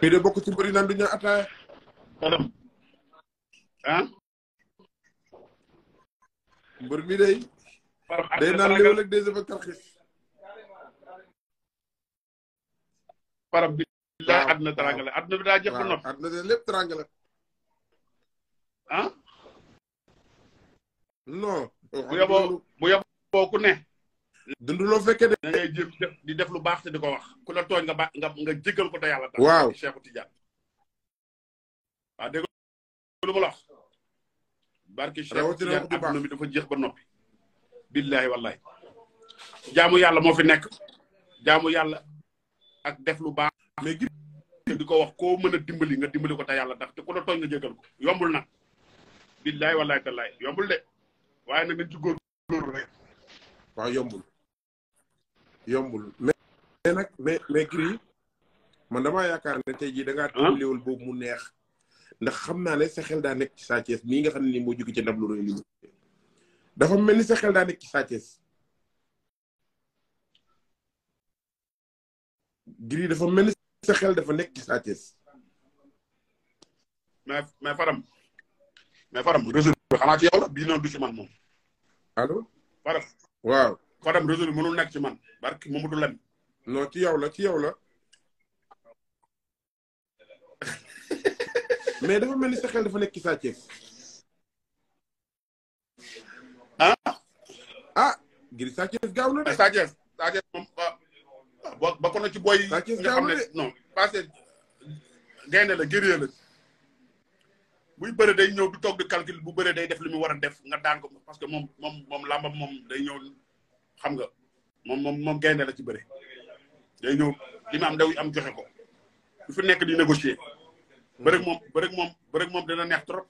ñii de bokk ci mbëri naan du ñu ataaya ah mbër mi day day des effets tarxis parab bi laa àdduna teraanga bi daa jëf nopp àdduna de lépp teraanga la ah non bu yoboo bu yoboo ku dund loo fekkee de. di def lu baax te di ko wax ku la tooñ nga ba nga nga ko te yàlla. tax waaw Cheikh Tidiane. waaw dégg lu ma la barki Cheikh jeex ba noppi. billahi wallahi jaamu yàlla moo fi nekk. jaamu yàlla ak def lu baax. mais gi di ko wax koo mën a dimbali nga dimbali ko te yàlla tax te ku la tooñ nga jégal yombul na billahi wallahi tallaay yombul de waaye nag nañ ci góorgóorlu rek. waaw yombul. yombul mais nag mais mais Gris man damaa yaakaar ne tey jii da ngaa ah. tolluwul boobu mu neex ndax xam naa ne sa daa nekk ci Sa Thiès nga xam ne nii moo jóge ci ndam lu rëy li mel ni sa xel daa nekk dafa mel ni sa dafa nekk ci Sa Thiès mais mais Fadam mais Fadam réseau bi xanaa du ci moom allo Fadam waaw Fadam réseau bi mënul nekk ci man barki Mamadou Lam non ci yow la ci yow la mais dafa mel ni sa xel dafa nekk ci Sa Thiès ah ah ngir Sa Thiès de Sa Thiès moom ah, ah, ba ba ko na ci boy yi nga xam ne non passé gaynde la guerrier la buy bëre day ñëw du toog di calcul bu bëre day def li mu war a def nga daan ko parce que moom moom moom làmbam moom day ñëw xam nga moom moom moom gaynde la ci bëre day ñëw li am daw am joxe ko du fi nekk di négocier bërëg moom bërëg moom bërëg moom dina neex trop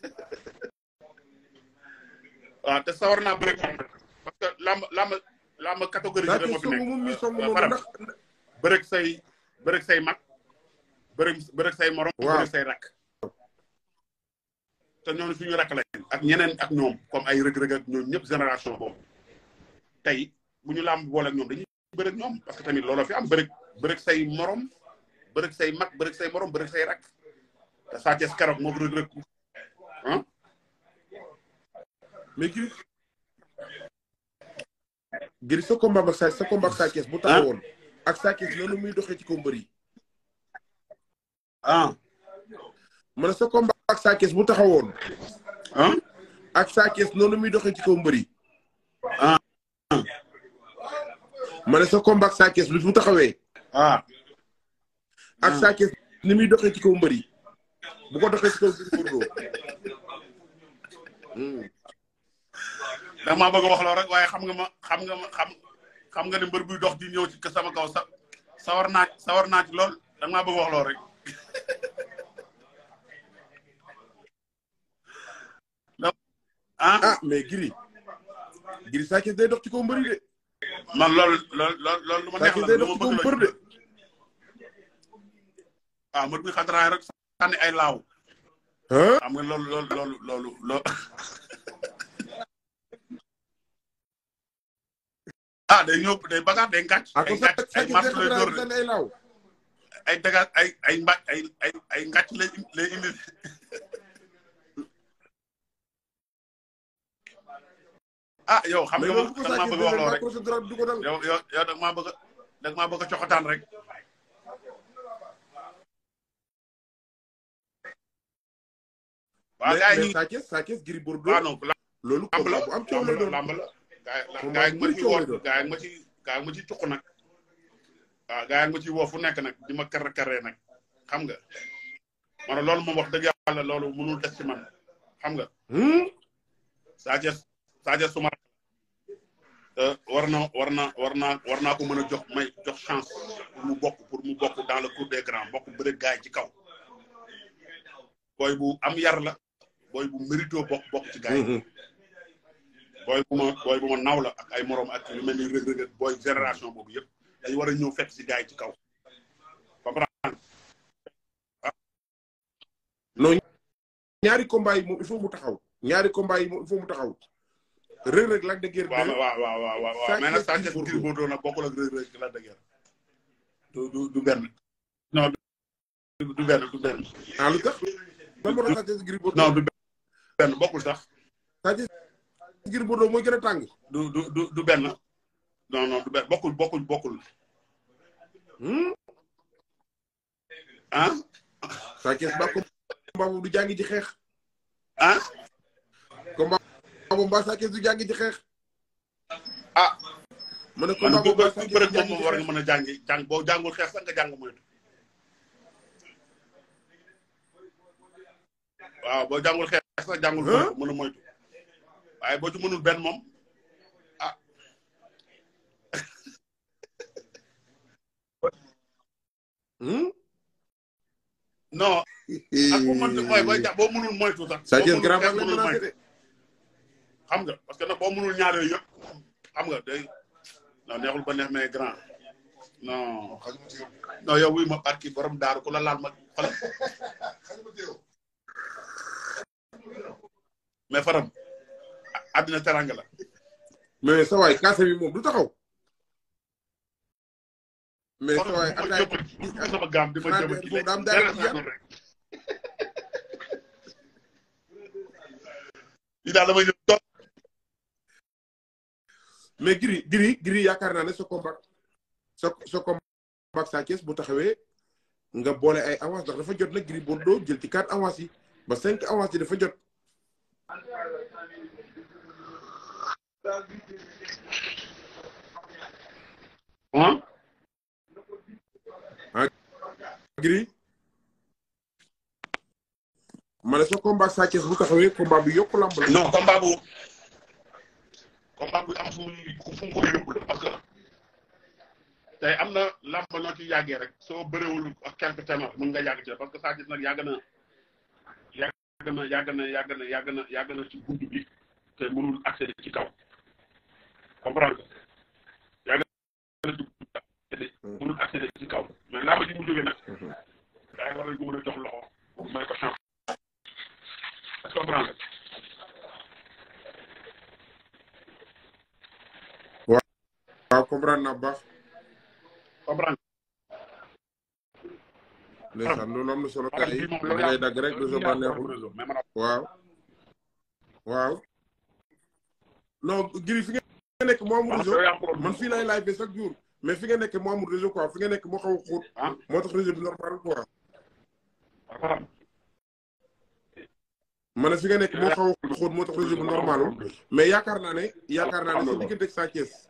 waaw te sawar naa moom parce que làmb làmb làmb catégorie bi moo fi nekk faram say bërëg say mag bërëg bërëg say morom bërëg say rakk te ñooñu suñu rakk lañ ak ñeneen ak ñoom comme ay rëg-rëg ak ñoom ñëpp génération boobu tey bu ñu làmb boole ñoom dañuy bërëg ñoom parce que tamit looloo fi am bërëg bërëg say moroom bërëg say mag bërëg say moroom bërëg say rak te Sa Thiès moo rëg rëg ah mais giri giri sa combat ak sa bu taxawoon ak Sa Thiès noonu muy doxee ci ko mbër yi ah. ma ne sa bu taxawoon ah ak Sa Thiès noonu muy doxee ci ko mbër yi ma ne sa combat ak Sa lu mu taxawee. ah. ak Sa Thiès ni muy doxee ci kaw mbër yi bu ko doxee ci kaw Gris rek waaye xam nga ma xam nga ma xam xam nga ne mbër buy dox di ñëw ci sama kaw sa sawar naa sawar naa ci lool da a wax loolu rek. ah mais Gris Gris Sa Thiès day dox ci man loolu loolu loolu lu ma neex la lu ah, bi xatraay rek sànni ay laaw xam nga loolu loolu loolu loolu loolu ah day ñëw ah, de bagaar day ngàcc ay ngàcc ay marché lay dóor ay daga ay ay mba ay ay ay ah yow xam nga ma da maa bëgg wax loo rek yow yow yow da maa bëgg a loolu lamb la bu am ma ci woo gaa yi ma ci gaa yi ma ci cuq ma ci woo fu nekk nag di ma kar karee nag xam nga. ma ne loolu moom wax dëgg yàlla loolu mënul des ci man xam nga. Hmm? Sathies Sadio Soumaré war na war na war naa war naa ko mën a jox may jox chance pour mu bokk pour mu bokk dans le cours des grands bokk bëre gaay ci kaw booy bu am yar la booy bu mérito bokk bokk ci gaay mhm. booy bu ma booy bu ma naw la ak ay morom ak yu mel ni booy génération boobu yëpp dañu war a ñëw fet si gaay ci kaw comprendre non ñaari combat yi mu taxaw ñaari kombay yi mu taxaw Reug Reug Lac de Guiers. waaw waaw waaw waaw mais nag Sa Thiès Gris Bordeaux nag bokkul ak Reug Reug Lac du du du benn. du benn ah, du benn. ah du benn bokkul sax. Sa Thiès Gris Bordeaux mooy gën tàng. du du du du benn. non non du benn bokkul bokkul bokkul. Hmm? ah. Sa Thiès ba ko. mbaa du jàngi ji xeex. ah. moom Mbaye Sakess du jàngi ci xeex. ah. nga mën a jàngi jàng boo jàngul xeex sax nga jàng moytu. waaw boo jàngul xeex sax jàngul. mën moytu waaye boo ci mënul benn moom ah. non. ak bu mënti mooy boo mënul moytu sax. boo mënul xeex mënul moytu xam nga parce que nag boo mënul ñaar yooyu yëpp xam nga day non neexul ba neex mais grand non non yow ma barki borom daaru ma xala mais faram àddina teranga la mais sa waay kaase bi moom du taxaw mais sa waay ataay sama gaam di ma jëm ci daam daal di daal dama ñëw toog mais Gris Gris Gris yaakaar naa ne sa combat sa sa combat bu taxawee nga boole ay avance ndax dafa jot nag Gris Bordeaux jël ci quatre avance ba cinq avance yi dafa jot. ah. ah Gris. ma ne sa combat Sa Thiès bu taxawee combat bi yokku lamb la. non combat tey am na làmb noo ci yàggee rek soo bëréwul ak quelque ténor mën nga yàgg ci parce que Sa Thiès nag yàgg na yàgg na yàgg na yàgg na yàgg na yàgg na ci bunt bi te mënul accéder ci kaw comprendre nga yàgg na ci bunt mënul accéder ci kaw mais làmb ji mu jógee nag daay war nañ ko mën a jox loxo may ko chance comprendre waaw comprendre naa baax comprendre ndeysaan loolu am na solo kay lu ngay dagg rek lu sa bànneexul waaw waaw non giri fi nga nekk moo amul réseau man fii lay live chaque jour mais fi nga nekk moo amul réseau quoi fi nga nekk moo xaw a ah. moo tax réseau bi normal quoi ma fi nga nekk moo xaw a xóot moo tax réseau bi normal mais yakaar naa ne yakaar naa ne sa diggante ak Sa Thiès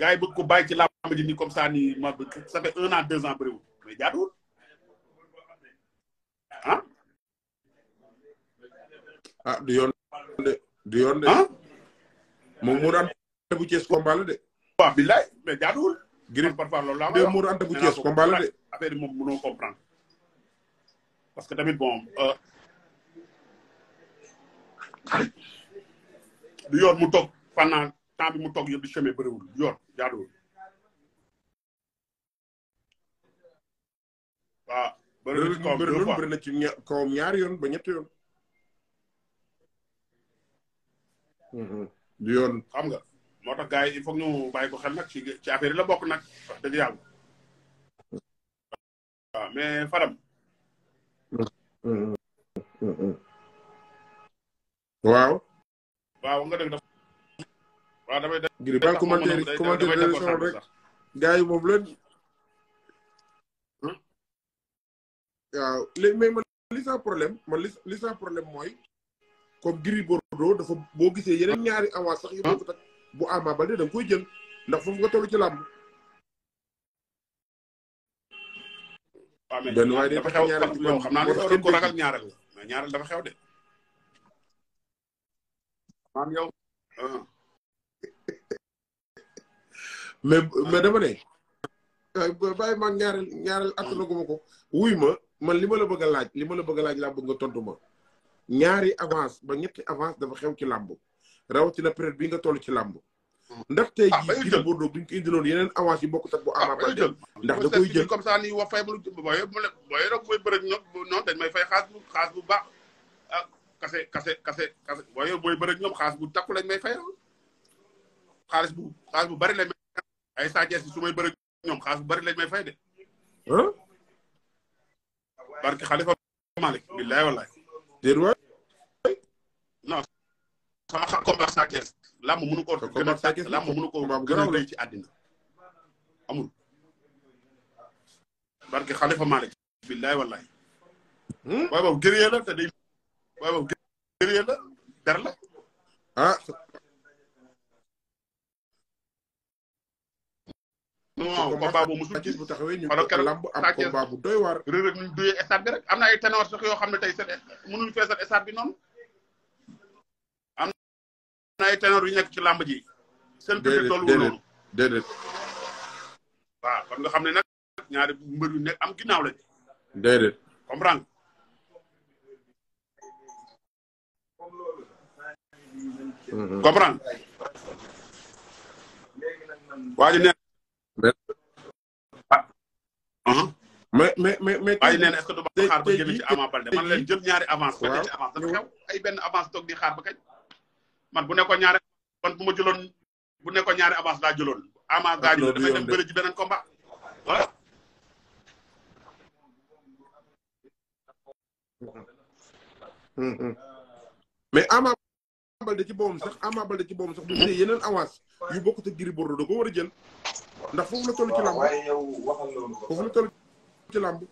gars yi bëgg ko bàyyi ci làmb ji nii comme ça nii ma ça fait un an deux ans bëriwul mais jaaduwul ah. du yoon de ah moom Mourou Anta bu Thiès combat la de. waaw billaay mais jaaduwul. Gris parfois loolu laa Mourou Anta bu Thiès combat la de. affaire yi moom mënoo comprendre parce que tamit bon. Euh, du yoon mu toog pendant. temps bi mu toog yëpp di chemin bëriwul yoon jaaduwul waaw bëri na ci kawam deux fois bëri na ci kawam ñaari yoon ba ñetti yoon mm-hmm. du yoon xam nga moo tax gars yi il faut ñu xel nag ci ci la bokk nag wax dëgg yàlla waaw mais Fadam mm-hmm. Mm-hmm. waaw waaw nga dëgg daf waaw damay def Gris Bordeaux commentaire commentaire religion rek gars yi moom leen hmm? waaw léegi mais problème man li sa problème mooy comme Gris Bordeaux dafa boo gisee yeneen ñaari avance sax yu ah. bokkut bu Ama Baldé da koy jël ndax foofu nga toll ci làmb benn waaye dafa xew xam naa ne dafa xew de maam yow ah. mais mais dama ne. Euh, bàyyi ma ñaareel ñaareel attanaguma ko wuy ma man li ma la bëgg a laaj li ma la bëgg laaj laa bëgg nga tontu ma ñaari avance ba ñetti avance dafa xew ci làmb rawatina période bi nga toll ci làmb ndax tey ah, jii Gris Bordeaux buñ ko indiloon yeneen avance yi bu Ama ah, Baldé ndax da koy jël comme ça nii wax fay blu booy booy rog muy bërëj ñoom noonu fay xaas bu xaas baax ah kase kase kase kase booy booy bërëj ñoom xaas bu takku lañ may fay xaalis bu xaalis bu bari lañ ay Sa Thiès su may bëri ñoom xaas bu bëri lañ may fay de. barke Khalifa Malick billaay wallaay. déet waay. non sama xam combat Sa Thiès làmb mënu ko. combat Sa Thiès làmb mënu ko gën a rëy ci àddina amul. barke Khalifa Malick billaay wallaay. Hmm? waaye boobu gërëyee la te day waaye boobu gërëyee la der la. ah non combat boobu musul gis bu taxawee ñu am combat doy waar Reug Reug nuñ duyee stade bi rek am na ay ténor sax yoo xam ne tey seen mënuñu feesal stade bi noonu am na ay ténor yu nekk ci lamb ji seen public tollu noonu déedéet waaw kon xam ne nag ñaari mbër yu nekk am ginnaaw lañ déedéet comprendre mm-hmm. comprendre waa ne mais mais mais. waaye nee na est-ce xaar ba jël ñaari avance. waaw ay benn avance toog di xaar ba kañ. man bu nekkoon ñaari man bu ma jëloon bu nekkoon ñaari avance laa jëloon. Ama gaañu la damay dem bëri ji beneen combat voilà. mais Ama Baldé ci boppam sax Ama Baldé ci boppam sax bu jëlee yeneen avance yu bokk te Gris Bordeaux war a jël ndax foofu la toll ci làmb foofu la toll ci làmb